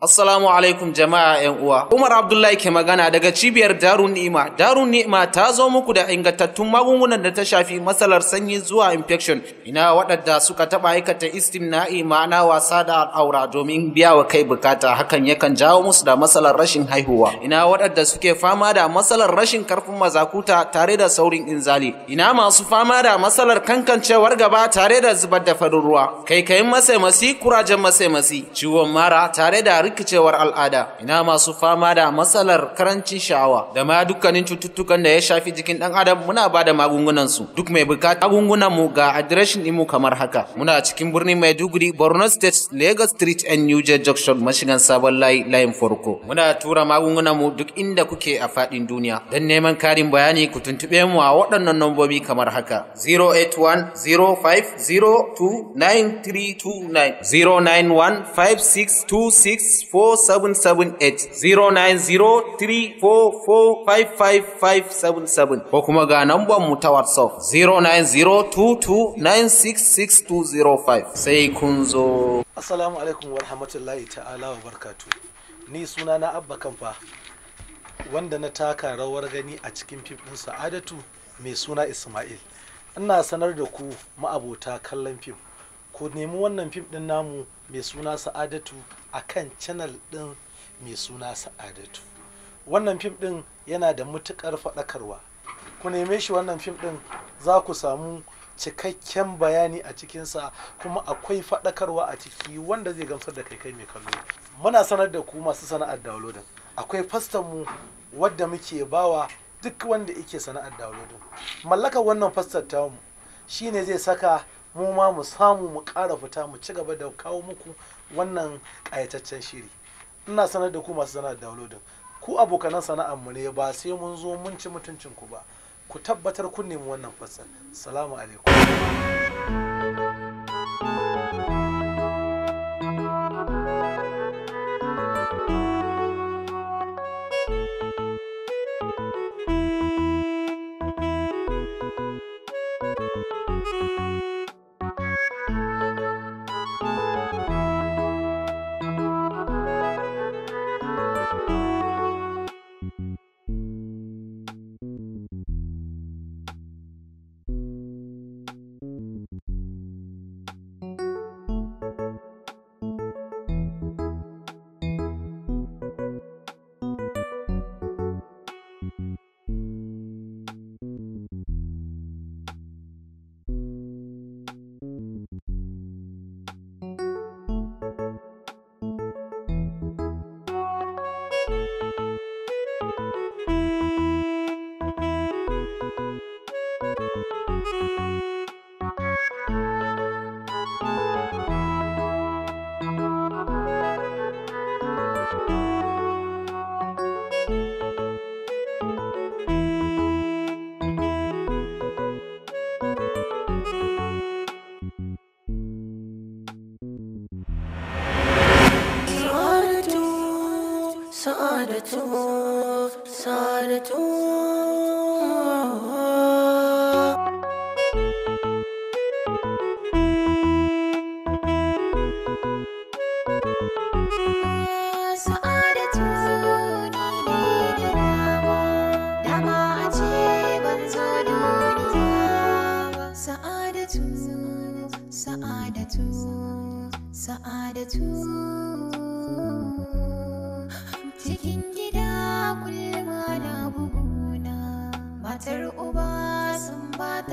Assalamu alaikum jama'a 'yan uwa. Umar Abdullahi ke magana daga cibiyar Darun Ni'ima. Darun Ni'ima ta zo muku da ingantattun magungunan da ta shafi matsalar sanyi zuwa infection. Ina waɗanda suka taɓa aikata istimna'i ma'ana wasa da al'aura domin biya wa kai bukata hakan yakan jawo musu da matsalar rashin haihuwa. Ina waɗanda suke fama da matsalar rashin karfin mazakuta tare da saurin inzali. Ina masu fama da matsalar kankancewar gaba tare da zubar da farin ruwa. Kaikayin masai masi kurajen masai masi. Ciwon mara tare da rikicewar al'ada ina masu fama da matsalar karancin sha'awa da ma dukkanin cututtukan da ya shafi jikin dan adam muna ba da magungunan su duk mai bukata magungunan mu ga adireshin imu kamar haka muna cikin birnin Maiduguri Borno State Lagos Street and New Jersey Junction mashigan sabon layi layin farko muna tura magungunan mu duk inda kuke a fadin duniya dan neman karin bayani ku tuntube mu a waɗannan nambobi kamar haka 081 050 091 ko kuma ga lambar mu ta WhatsApp 090229660205 sai kun zo. Assalamu alaikum wa rahmatullahi ta'ala wa barkatu. Ni suna na Abba Kamfa wanda na taka rawar gani a cikin fim ɗin Sa'adatu mai suna Ismail. Ina sanar da ku ma'abota kallon fim. Ku nemi wannan fim ɗin namu mai suna Sa'adatu a kan channel ɗin mai suna sa'adatu wannan fim ɗin yana da matuƙar faɗakarwa ku neme shi wannan fim ɗin za ku samu cikakken bayani a cikinsa kuma akwai faɗakarwa a ciki wanda zai gamsar da kai kai mai kallo muna sanar da ku masu sana'ar downloading akwai mu wadda muke bawa duk wanda yake sana'ar downloading mallakar wannan fastar shi shine zai saka mu ma mu samu mu ƙara fita mu ci gaba da kawo muku wannan ƙayataccen shiri ina sanar da ku masu sana'ar downloading ku abokanan sana'ar mu ne ba sai mun zo mun ci mutuncin ku ba ku tabbatar kun nemi wannan fassar salamu alaikum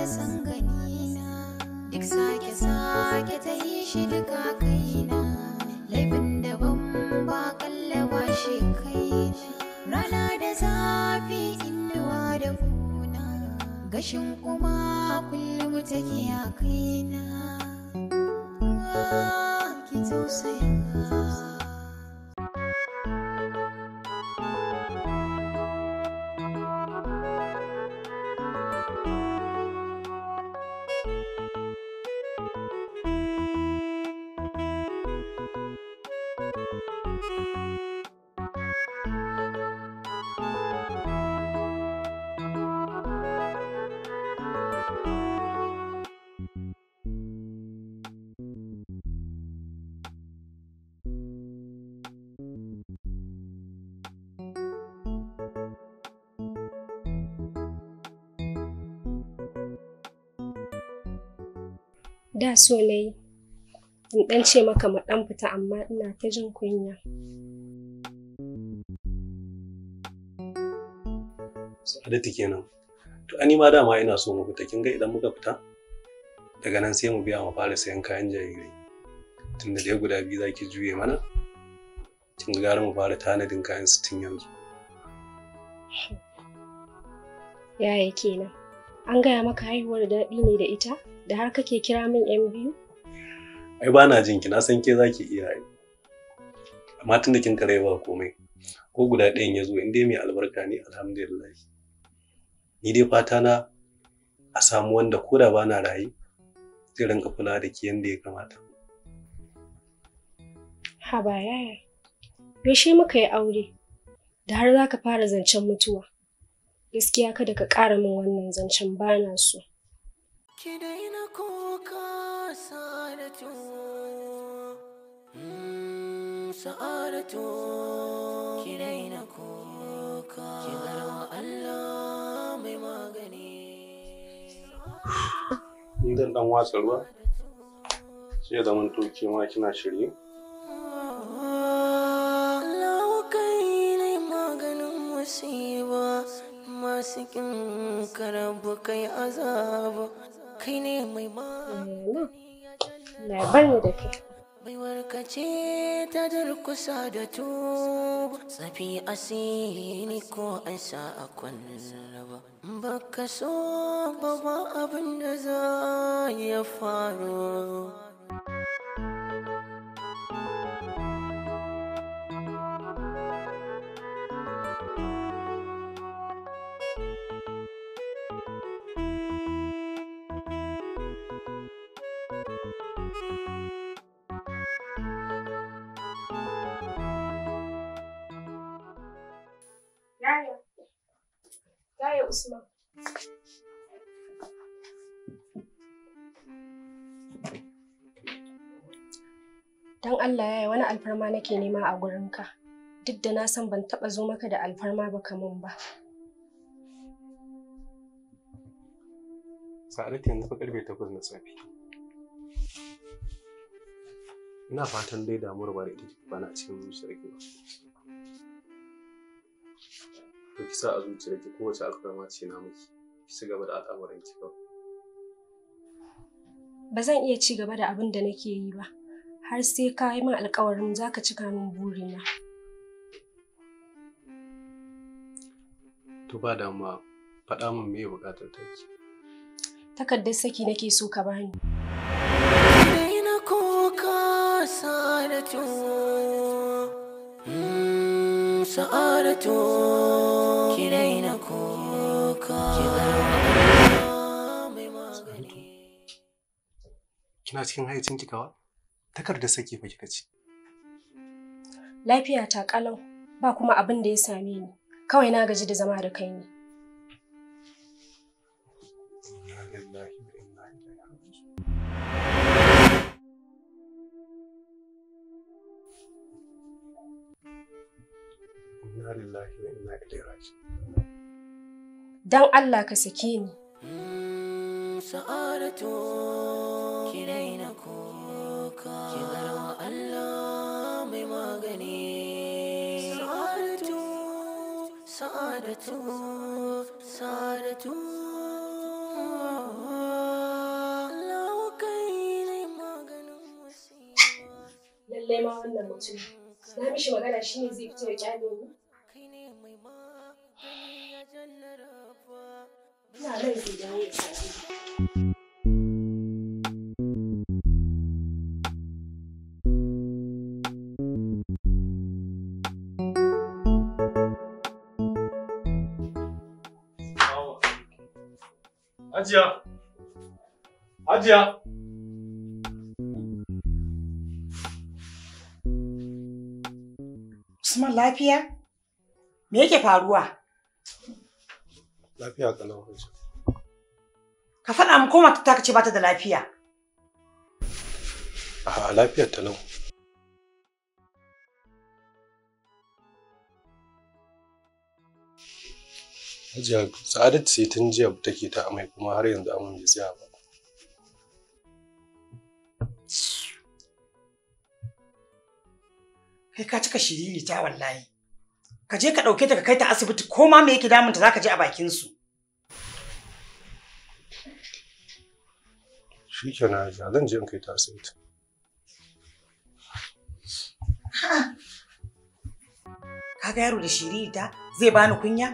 da san gani na duk sake sake ta yi shi duka kai na laifin da ban ba kallawa shi kai rana da zafi inuwa da kuna gashin kuma kullum take ya kai na Dasuli in ɗan ce maka mu dan fita amma ina ta jin kunya. Sa'adatu kenan. To ani ma dama ina so mu fita kin ga idan muka fita daga nan sai mu biya mu fara sayan kayan jariri Tunda da guda biyu zaki juye mana. Kin ga mu fara tanadin kayan tun yanzu. Yaya kenan. An gaya maka haihuwar daɗi ne da ita da har kake kira min 'yan biyu? ai ba na jinki na san ke za ki iya yi amma tun da kin kare ba komai ko guda ɗayan ya zo inda mai albarka ne alhamdulillah ni dai fata na a samu wanda ko da ba na rayu zai rinka kula da ki yanda ya kamata haba yaya yaushe muka yi aure da har za ka fara zancen mutuwa gaskiya kada ka ƙara min wannan zancen ba na so ki daina kuka sa'adatu mm, sa'adatu ki daina kuka ki wa Allah mai magani dan dan watsa ruwa sai da mun toke ma kina shirye masu kin karabu kai azaba kai ne mai magani ya da kai baiwarka ce ta durkusa da tuba tsafi asiri ko an sa a kwallaba baka so babban abin da za ya faru Usman. Don Allah ya yi wani alfarma nake nema a gurinka, duk da na san ban taɓa zo maka da alfarma ba kamun ba. Sa'adatu yanzu fa karfe takwas na safe. Ina fatan dai damuwar da ita ba na cikin zuciyar ba. to ki sa a zuciyarki kowace alfarma ce na miki ki ci gaba da al'amuran ki ba ba zan iya ci gaba da abin da nake yi ba har sai ka yi min alkawarin za ka cika min burina to ba damuwa faɗa min me buƙatar ki takardar saki nake so ka bani na kuka sa sa'adatu ki daina kuka kina cikin haicin kikawa sake fa kika ci lafiya ta kalau ba kuma abin da ya same ni kawai na gaji da zama da kai ne inna lillahi wa inna ilaihi dan Allah ka saki ni mm, sa'adatu ki daina Allah mai magani lallai ma wannan mutum na mishi magana ne zai fito ya kyale mu Hajiya! Hajiya! Usman lafiya? Me yake faruwa? Lafiya Ka faɗa mu koma ta ce bata da lafiya. A lafiyar ta lau. Hajiya Sa'adatu sai tun jiya take ta amai kuma har yanzu amin bai tsaya ba. Kai ka cika shiriri ta wallahi. Ka je ka ɗauke ta ka kai ta asibiti ko ma me yake damunta za ka je a bakin su. shi kenan zan je in kai ta Ka ga yaro da shiririta zai bani kunya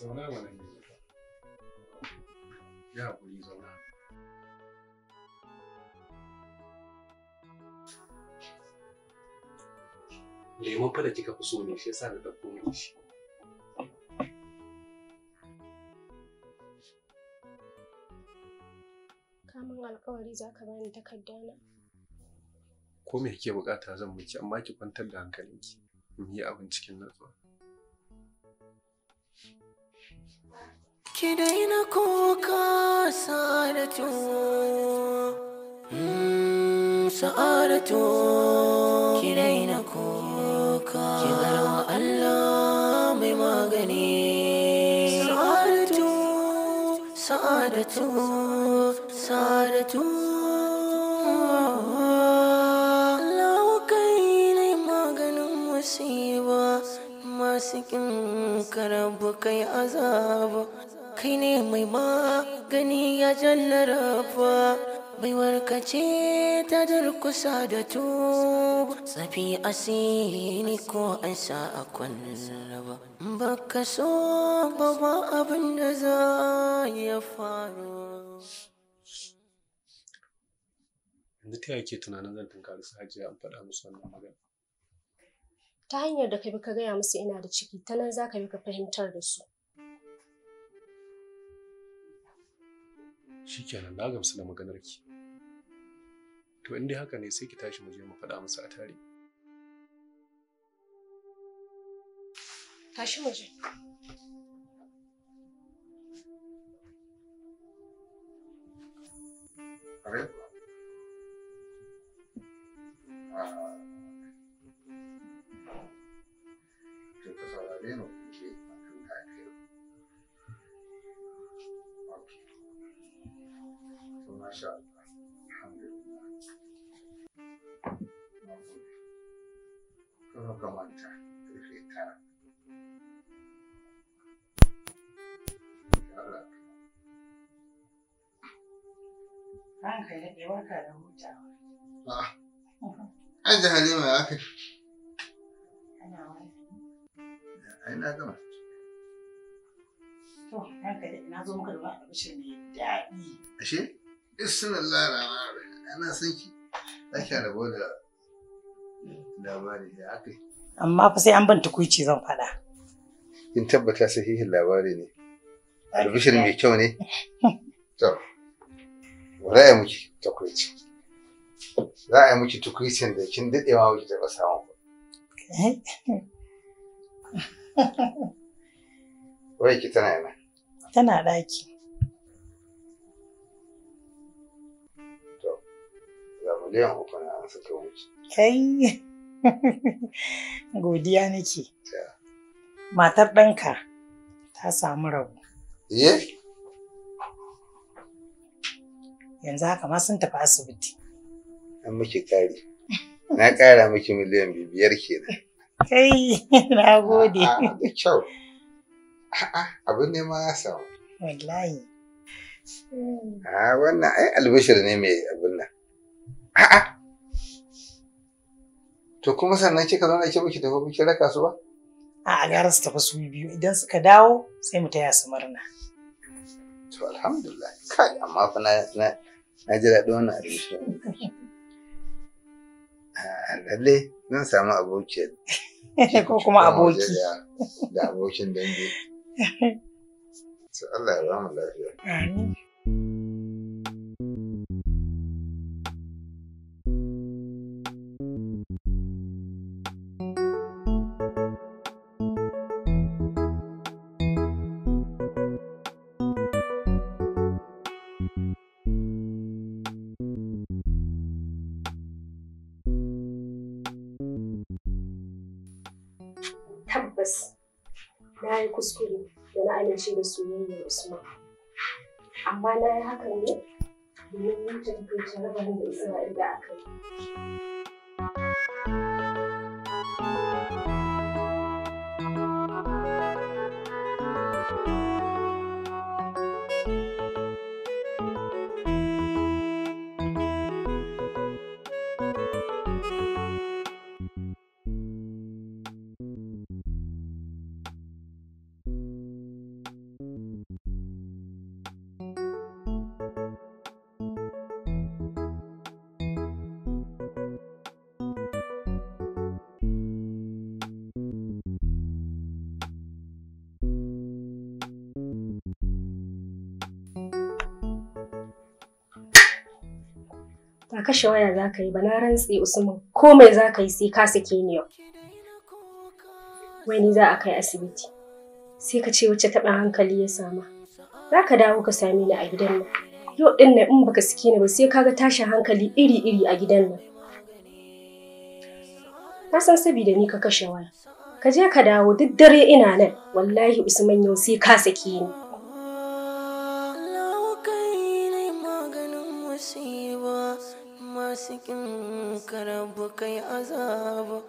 Zauna wannan ne. Ya hakuri zauna. Lemon fa da kika fi so ne shi yasa da ɗauko Kamun alkawari za ka bani takardana? Ko me kike bukata zan miki amma ki kwantar da hankalinki. Mu yi abin cikin natsuwa. Ki daina kuka sa'adatu mm, Sa'adatu Ki daina kuka Ki wa Allah mai magani Sa'adatu Sa'adatu Sa'adatu Allah kai ne maganin musiba masu kin karabu kai azaba kai ne mai magani ya jannarafa baiwar ka ce ta durkusa da tu safi asini ko an sa a kwanraba ba ka so ba ba abin da za ya faru yanzu ta yake tunanin zan tunkari su hajiya an faɗa musu wannan magana ta hanyar da ka bi ka gaya musu ina da ciki ta nan za ka bi ka fahimtar da su shikenan na gamsu da maganar ki to in dai haka ne sai ki tashi mu je mu faɗa musu a tare tashi mu je Okay. Ranka ya ɗaya barka da hutawa. Aji ah. Halima ya kai. Ai na gama. To, ranka ya na zo muka da wani abinci mai daɗi. Ashe? Isnan lara ana son ki. Zaki rabo da labari ya kai. Amma fa sai an ban tukuici zan faɗa. Kin tabbata sahihin labari ne. Albishir mai kyau ne. To. za a yi miki tukwici za a yi miki tukwicin da kin daɗe ma miki taɓa samun ba wai ki tana yana tana ɗaki to ga miliyan uku na an saka miki kai godiya nake matar ɗanka ta samu rabu eh yanzu haka ma sun tafi asibiti. An miki kari. Na ƙara miki miliyan biyar kenan. Kai, na gode. Da kyau. Abin ne ma ya samu. Wallahi. A wannan ai albishir ne mai abin nan. A'a. To kuma sannan kika zo na ke miki tafi miki raka su ba? A a gara su tafi su biyu idan suka dawo sai mu taya su murna. To alhamdulillah. Kai amma fa na Na ji daɗin wannan abinci. Ah, lalle zan samu abokin. Ko kuma aboki. Da abokin dangi. Allah ya ba tabbas na yi kuskure da na amince da soyayyar Usman. Amma na yi hakan ne domin mutum ke jarabar da Isra'ila a kai. ba kashe waya za ka yi ba na rantse usman komai za ka yi sai ka sake ni yau wai ni za a kai asibiti sai ka ce wacce taɓin hankali ya sama za ka dawo ka sami ni a gidan nan yau ɗin nan in baka sake ni ba sai ka ga tashin hankali iri-iri a gidan nan na san sabida ni ka kashe waya ka je ka dawo duk dare ina nan wallahi usman yau sai ka sake ni fasikin karabu kai azaba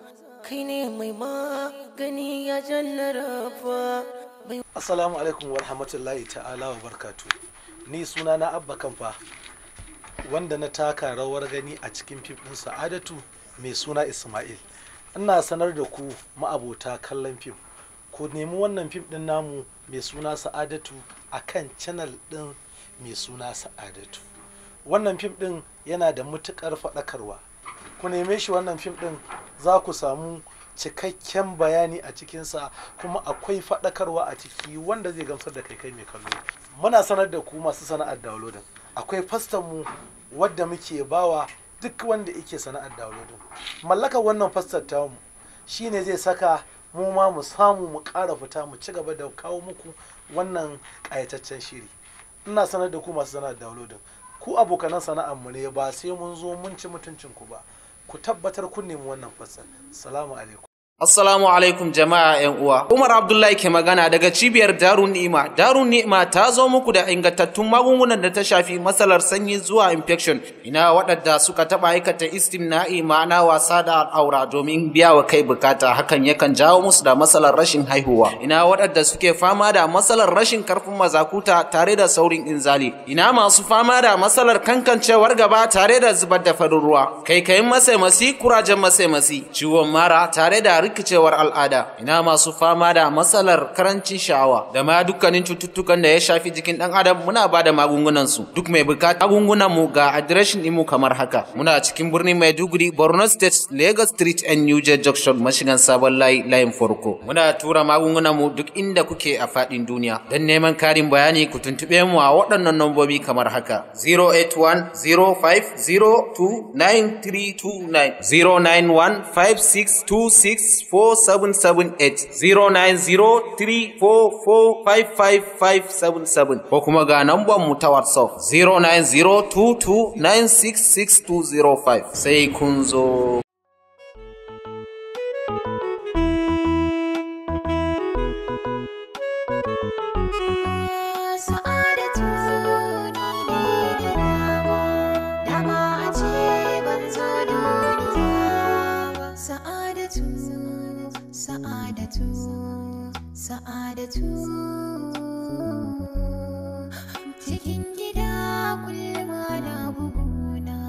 kai ne mai magani ya fa. assalamu alaikum wa rahmatullahi ta'ala wa barkatu ni suna na abba kamfa wanda na taka rawar gani a cikin fim ɗin sa'adatu mai suna ismail ina sanar da ku ma'abota kallon fim ku nemi wannan fim din namu mai suna sa'adatu a kan canal ɗin mai suna sa'adatu wannan fim ɗin yana da matukar faɗakarwa ku neme shi wannan fim ɗin za ku samu cikakken bayani a cikinsa kuma akwai faɗakarwa a ciki wanda zai gamsar da kai kai mai kallo muna sanar da ku masu sana'ar downloading akwai mu wadda muke bawa duk wanda yake sana'ar downloading mallaka wannan fastar shi shine zai saka mu ma mu samu mu ƙara fita mu ci gaba da kawo muku wannan ƙayataccen shiri ina sanar da ku masu sana'ar downloading ku abokanan sana'ar mu ne ba sai mun zo mun ci mutuncin ku ba ku tabbatar kun nemi wannan fassar salamu alaikum Assalamu alaikum jama'a 'yan uwa. Umar Abdullahi ke magana daga cibiyar Darun Ni'ima. Darun Ni'ima ta zo muku da ingantattun magungunan da ta shafi matsalar sanyi zuwa infection. Ina waɗanda suka taɓa aikata istimna'i ma'ana wasa da al'aura domin biya wa kai bukata hakan yakan jawo musu da matsalar rashin haihuwa. Ina waɗanda suke fama da matsalar rashin karfin mazakuta tare da saurin inzali. Ina masu fama da matsalar kankancewar gaba tare da zubar da farin ruwa. Kaikayin masai masi kurajen masai masi. Ciwon mara tare da rikicewar al'ada ina masu fama da matsalar karancin sha'awa da ma dukkanin cututtukan da ya shafi jikin ɗan adam muna ba da magungunan su duk mai bukata magungunan mu ga adireshin imu kamar haka muna cikin birnin Maiduguri Borno State Lagos Street and New Jersey Junction mashigan sabon layi layin farko muna tura magungunan mu duk inda kuke a fadin duniya dan neman karin bayani ku tuntube mu a waɗannan nambobi kamar haka 081 050 091 0903445577 ko kuma ga namban mu ta WhatsApp 090229660205 sai kun zo. gida kullum na buguna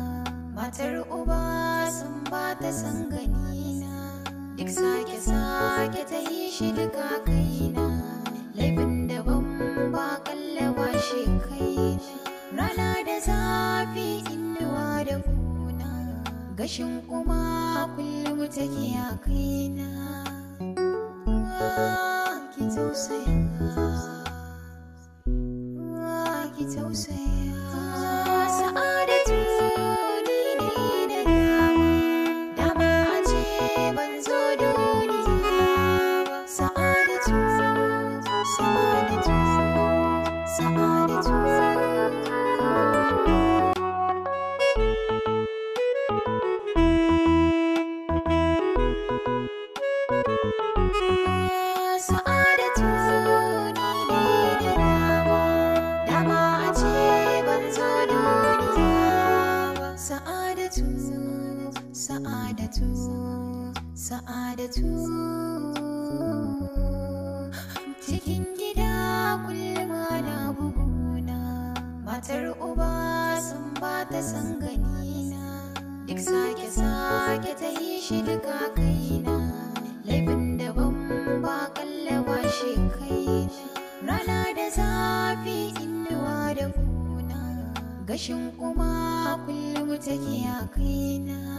matar uba sun ba ta san gani na duk sake sake ta yi shi duka kaina laifin da ban ba kalla shi kaina rana da zafi inuwa da kuna gashin kuma kullum take ya kaina ki tausaya kashin kuma kullum take ya kaina